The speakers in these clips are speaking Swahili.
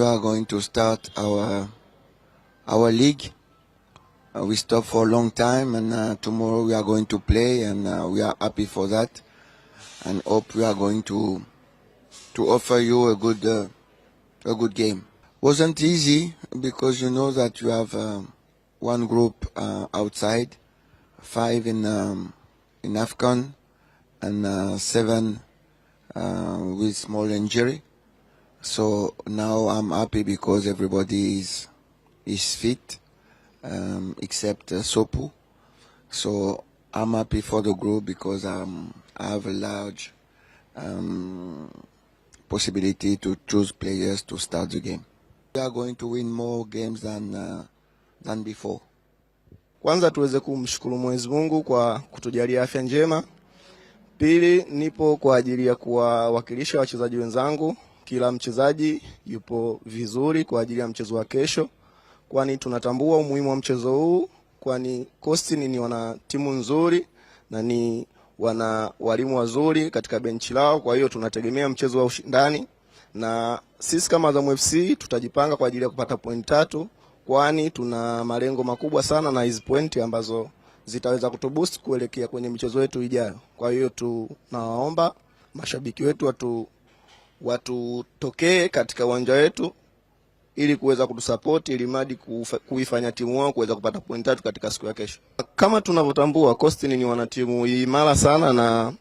we are going to start our our league. Uh, we stopped for a long time, and uh, tomorrow we are going to play, and uh, we are happy for that, and hope we are going to to offer you a good uh, a good game. Wasn't easy because you know that you have um, one group uh, outside, five in um, in Afghan, and uh, seven with small injury. So now I'm happy because everybody is is fit, um, except uh, Sopu. So I'm happy for the group because um, I have a large um, possibility to choose players to start the game. We are going to win more games than, uh, than before. Kwanza tuweze kumshukuru Mwenyezi Mungu kwa kutujalia afya njema. Pili, nipo kwa ajili ya kuwawakilisha wachezaji wenzangu kila mchezaji yupo vizuri kwa ajili ya mchezo wa kesho, kwani tunatambua umuhimu wa mchezo huu, kwani Coastal ni wana timu nzuri na ni wana walimu wazuri katika benchi lao. Kwa hiyo tunategemea mchezo wa ushindani, na sisi kama Azam FC tutajipanga kwa ajili ya kupata point tatu, kwani tuna malengo makubwa sana na hizi point ambazo zitaweza kutuboost kuelekea kwenye michezo yetu ijayo. Kwa hiyo tunawaomba mashabiki wetu watu watutokee katika uwanja wetu ili kuweza kutusapoti ili madi kuifanya timu wao kuweza kupata pointi tatu katika siku ya kesho. Kama tunavyotambua, Coastal ni wanatimu imara sana, na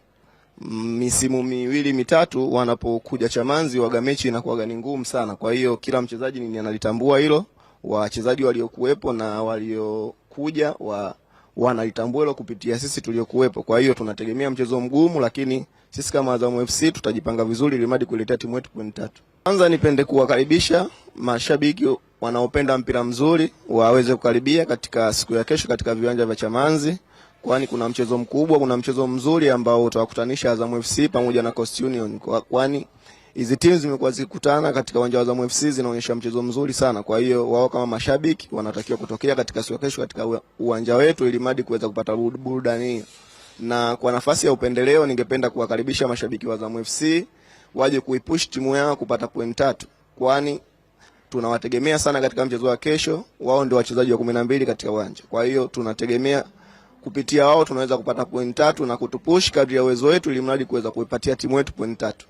misimu miwili mitatu wanapokuja Chamanzi waga mechi inakuwa ni ngumu sana. Kwa hiyo kila mchezaji ni analitambua hilo, wachezaji waliokuwepo na waliokuja wa wanaitambua hilo kupitia sisi tuliokuwepo. Kwa hiyo tunategemea mchezo mgumu, lakini sisi kama Azam FC tutajipanga vizuri ili madi kuiletea timu yetu point tatu. Kwanza nipende kuwakaribisha mashabiki wanaopenda mpira mzuri waweze kukaribia katika siku ya kesho katika viwanja vya chamanzi kwani kuna mchezo mkubwa, kuna mchezo mzuri ambao utawakutanisha Azam FC pamoja na Coast Union, kwani hizi timu zimekuwa zikikutana katika uwanja wa Azam FC zinaonyesha mchezo mzuri sana. Kwa hiyo wao kama mashabiki wanatakiwa kutokea katika siku ya kesho katika uwanja wetu ili madi kuweza kupata burudani. Na kwa nafasi ya upendeleo, ningependa kuwakaribisha mashabiki wa Azam FC waje kuipush timu yao kupata point tatu, kwani tunawategemea sana katika mchezo wa kesho. Wao ndio wachezaji wa kumi na mbili katika uwanja, kwa hiyo tunategemea kupitia wao tunaweza kupata point tatu na kutupush kadri ya uwezo wetu, ili mradi kuweza kuipatia timu yetu point tatu.